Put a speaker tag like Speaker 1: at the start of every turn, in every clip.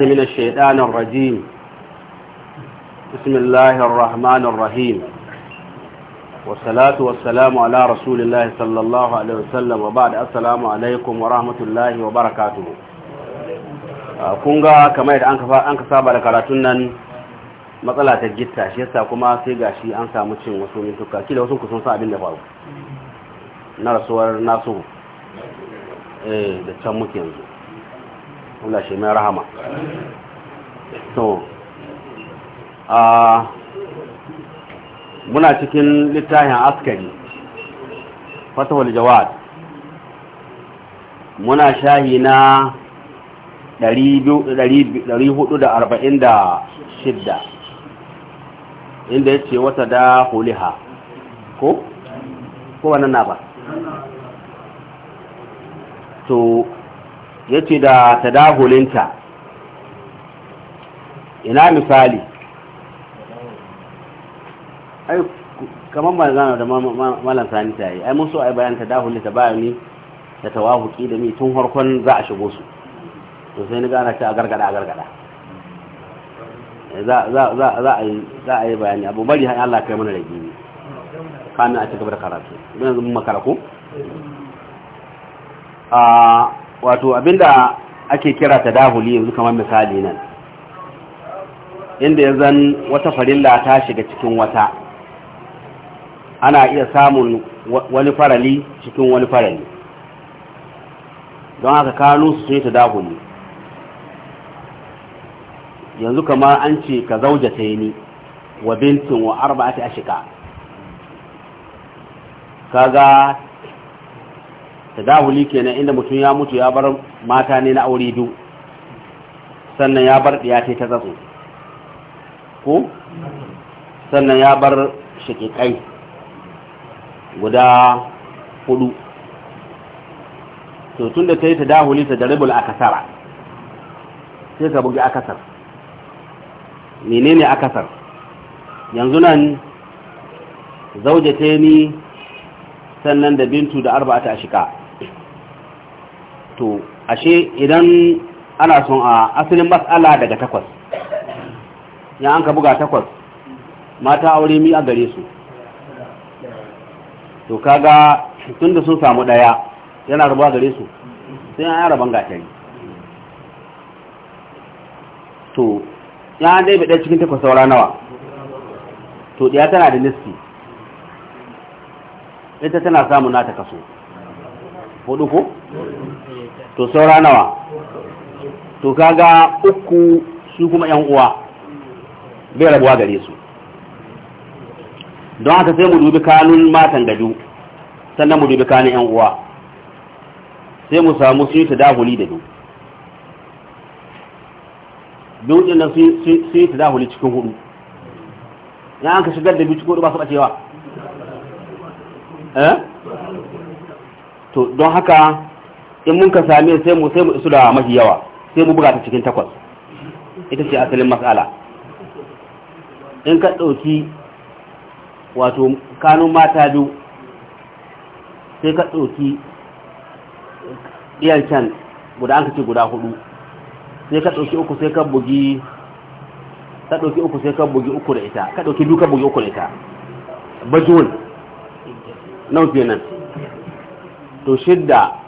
Speaker 1: من الشيطان الرجيم بسم الله الرحمن الرحيم والصلاة والسلام على رسول الله صلى الله عليه وسلم وبعد السلام عليكم ورحمة الله وبركاته kunga kamar yadda an ka saba da karatun nan matsala ta gitta shi yasa kuma sai gashi an samu cin wasu mintuka kila wasu kusan sa abin da faru na da can muke yanzu Allah shi mai rahama to a muna cikin littafin askari fatawar jawad muna shahi na 446 inda ya ce wata da huliha ko? ko wannan na ba to yace da tadahulinta ina misali ai kamar malzana da malan sani ta yi ai musu ai bayan tadahulinta bayani da tawahuki da mi tun harkon za a shigo su to sai ni gana ta a gargada a gargada eh, za a yi bayani abu bari har Allah kai mana da gini kamin a cikin da karatu don yanzu makarako a ah, wato abinda ake kira ta dahuli yanzu kamar misali nan inda ya zan wata farilla ta shiga cikin wata ana iya samun wani farali cikin wani farali don haka kanu su sun yi dahuli, yanzu kamar an ce ka yi ni wa bintin wa arba'ati Ka kaga tadahuli kenan inda mutum ya mutu ya bar mata ne na aure biyu sannan ya bar ɗiya ta tsatso ko sannan ya bar shakikai guda hudu to tunda tayi ta tadahuli ta daribul akasara sai ka bugi akasar menene akasar yanzu nan zaujata ni sannan da bintu da ta shika to ashe idan ana son a asalin matsala daga takwas ya an ka buga takwas mata aure mi a gare su to kaga tun da sun samu daya yana rubuwa gare su sai an rabon gatari to ya dai bai cikin takwas saura nawa to ɗaya tana da niski ita tana samun nata kaso hudu ko
Speaker 2: to saura nawa to
Speaker 1: kaga uku su kuma yan uwa bai rabuwa gare su don haka sai mu dubi kanun matan gaju sannan mu dubi kanun yan uwa sai mu samu su yi tadahuli da du din nan su yi tadahuli cikin hudu ya an ka shigar da biyu cikin hudu ba su ɓacewa eh to don haka in mun ka same sai mu sai mu isu da mafi yawa sai mu buga ta cikin takwas ita ce asalin matsala in ka ɗauki wato kanun mata biyu sai ka ɗauki ɗiyar can guda an ka ce guda hudu sai ka ɗauki uku sai ka bugi ka ɗauki uku sai ka bugi uku da ita ka ɗauki duka bugi uku da ita nan fiye nan to shidda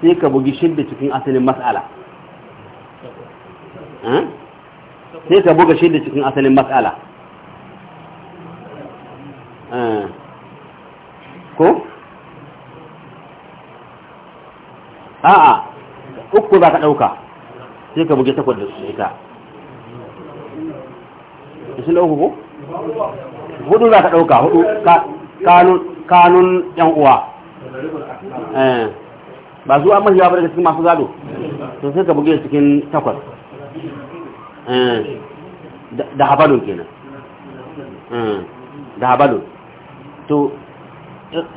Speaker 1: sai ka bugi shidda cikin asalin mas'ala eh? sai ka buga shidda cikin asalin mas'ala eh. ko? a'a uku za ka ɗauka sai ka bugi takwas da su ita isi da uku ko? hudu za ka ɗauka hudu kanun yan uwa eh. ba zuwa mafi yawa daga cikin masu gado to sai ka buge cikin takwas eh, da habalun kenan eh, da habalun to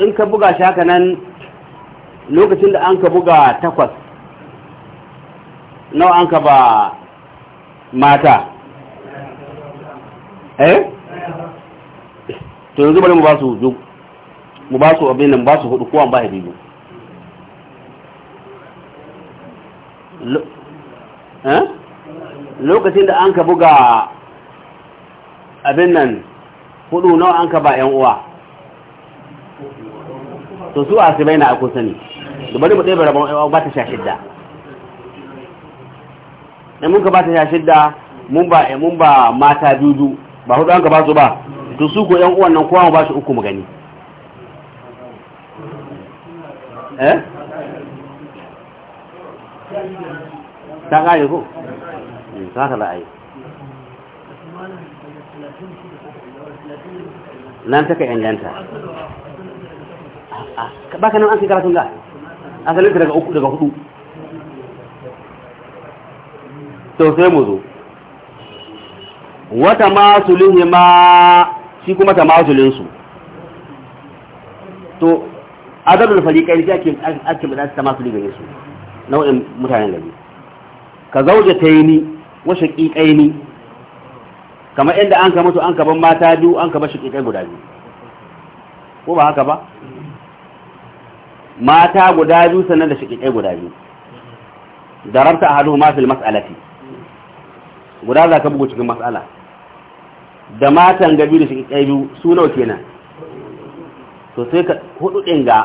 Speaker 1: in ka buga shi haka nan lokacin da an ka buga takwas nawa an ka ba mata eh to yanzu bari mu ba su mu ba su abin ba su hudu kowa ba ya biyu Eh? lokacin da an ka buga abin nan hudu nawa an ka ba 'yan uwa to su a asibai na ako sani da bari mu ɗaya rabon ba ta sha shidda ɗan mun ka ba ta sha shidda mun ba mun ba mata dudu ba hudu an ka ba su ba to su ko 'yan uwan nan kowa mu ba su uku mu gani
Speaker 2: eh ta kare ko ta
Speaker 1: haka nan ta ka inganta
Speaker 2: baka nan an kai karatun ga
Speaker 1: asalin daga uku daga hudu to sai mu zo wata masulin ma shi kuma ta masulinsu to adadul fariƙai ne ake ake bada ta masulin ga su nau'in mutanen gari ka washe ƙiƙai ni kamar inda an ka mutu an ka ban mata biyu an ka bashi ƙiƙai guda biyu ko ba haka ba mata guda biyu sannan da shaqiqai guda biyu darabta ahaduhuma fil mas'alati guda za ka bugu cikin mas'ala da matan gabi da shaqiqai biyu su nawa kenan to sai ka hudu din ga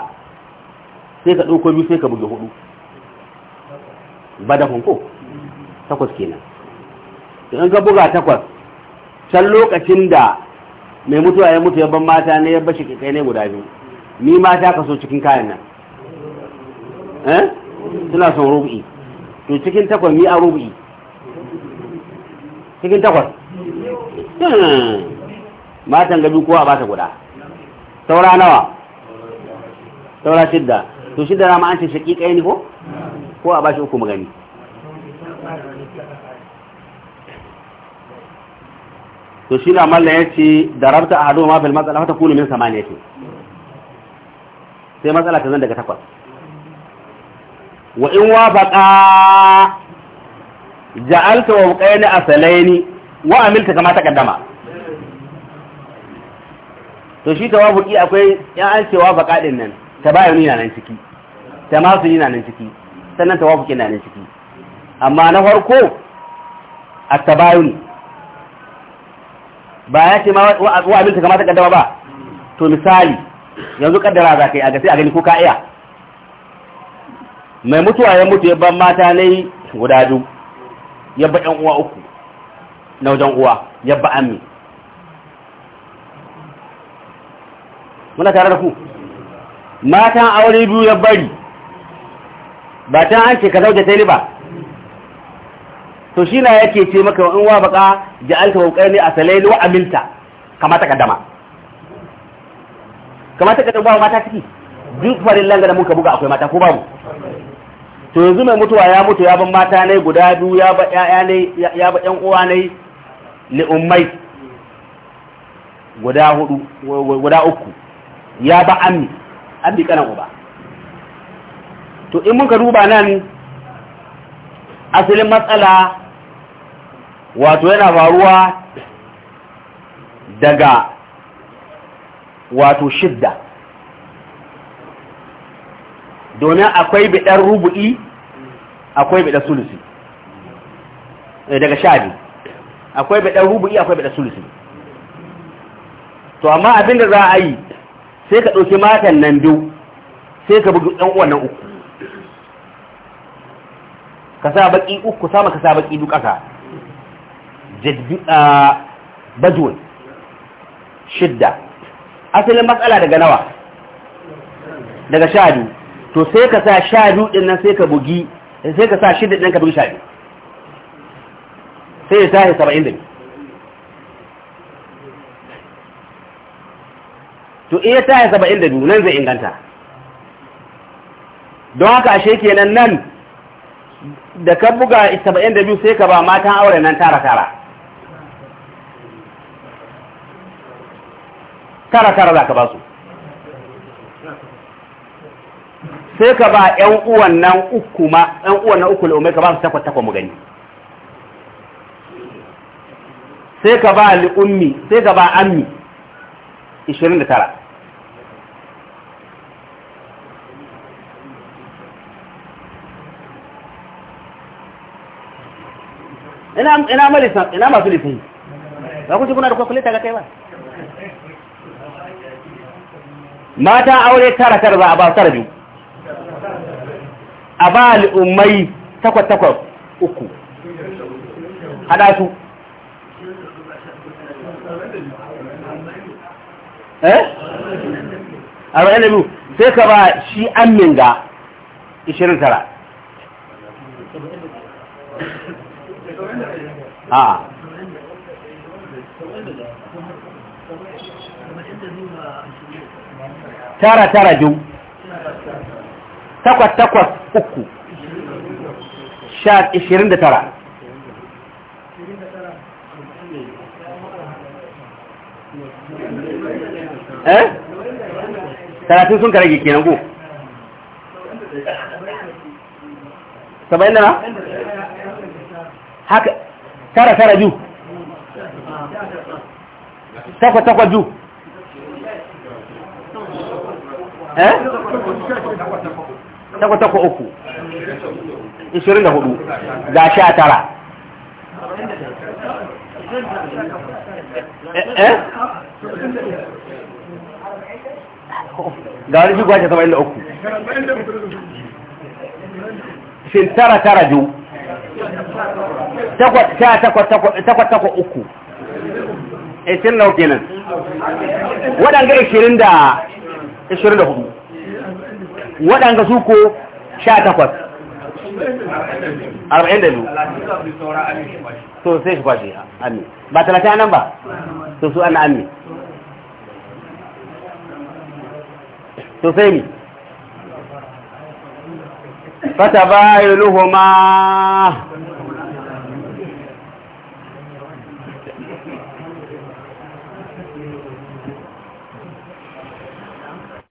Speaker 1: sai ka ɗauko biyu sai ka buge hudu da hunko takwas kenan in ka buga takwas can lokacin da mai mutuwa ya mutu yabban mata ne ya bashi kai ne guda biyu ni mata ka so cikin kayan nan eh suna son rubu'i to cikin takwas ni a rubu'i cikin takwas
Speaker 2: hmm.
Speaker 1: matan gabi kowa ba ta guda saura nawa saura shidda to shidda na ma'ancin an ce shaƙiƙa ne ko ko a ba shi uku magani to shi da malla ya ce da rabta a ma fil matsala ta kunu min samaniya ce sai matsala ta zan daga takwas wa in wafaqa ja'alta wa qaini asalaini wa amilta kama ta kaddama to shi tawafuki akwai yan an cewa baqa din nan tabayuni na nan ciki tamasu yana nan ciki sannan tawafuki na nan ciki amma na farko a tabayun ba ya ce ma wa abinta kamata kaddama ba to misali yanzu kaddara za ka yi a gasi a gani ko ka iya mai mutuwa ya mutu yabban mata na yi guda biyu yabba ɗan yan uwa uku na wajen uwa yabba ba ammi muna tare da ku matan aure biyu ya bari ba ta an ce ka zauje ta ba to shi na yake ce maka in wa baka ja'alta a asalaili wa aminta kamata kaddama ta kaddama ba mata ciki duk farin langa da muka buga akwai mata ko babu to yanzu mai mutuwa ya mutu ya ban mata ne guda biyu ya ba ƴaƴa ne ya ba ƴan uwa ne li ummai guda hudu guda uku ya ba ammi ammi kana uba to in muka duba nan asalin matsala wato yana faruwa daga wato shidda domin akwai biɗar rubu'i akwai biɗar sulusi eh, daga shaɗi akwai biɗar rubu'i akwai biɗar sulusi to amma abin da za a yi sai ka ɗauki matan nan biyu sai ka bugi ɗan wannan nan uku ka sa baƙi uku sama ka sa baƙi duk ƙasa bajul shidda asalin matsala daga nawa daga sha to sai ka sa sha din nan sai ka bugi sai ka sa shidda din ka bugi sha sai ya tashi saba'in da to iya tashi saba'in da biyu nan zai inganta don haka ashe kenan nan da ka buga saba'in da sai ka ba matan aure nan tara tara tara tara za ka ba su sai ka ba yan uwan nan uku ma ƴan uwan nan uku li'umai ka ba su takwa-takwa mu gani sai ka ba li'ummi sai ka ba ammi 29 ina ina masu lisani ba ku ci kuna da kwakwalita ga kai ba mata aure tara tara za a ba tara biyu a ba al'ummai takwas takwas uku haɗa su eh arba'in da biyu sai ka ba shi amin ga ishirin tara
Speaker 2: a tara tara biyu
Speaker 1: takwas takwas uku sha ishirin da tara eh talatin sun karage kenan ko saba'in da haka tara tara biyu takwas takwas biyu
Speaker 2: eh takwa takwa uku 24 ga 19 eh, eh ga wani jigwa ta 73
Speaker 1: shin tara tara ju takwa takwa uku 20 nau nan
Speaker 2: waɗanda 20 da 24 waɗanda
Speaker 1: su ko 48 so sai shi kwashe amin ba talata nan ba so su ana amin so sai ne fata luhu ma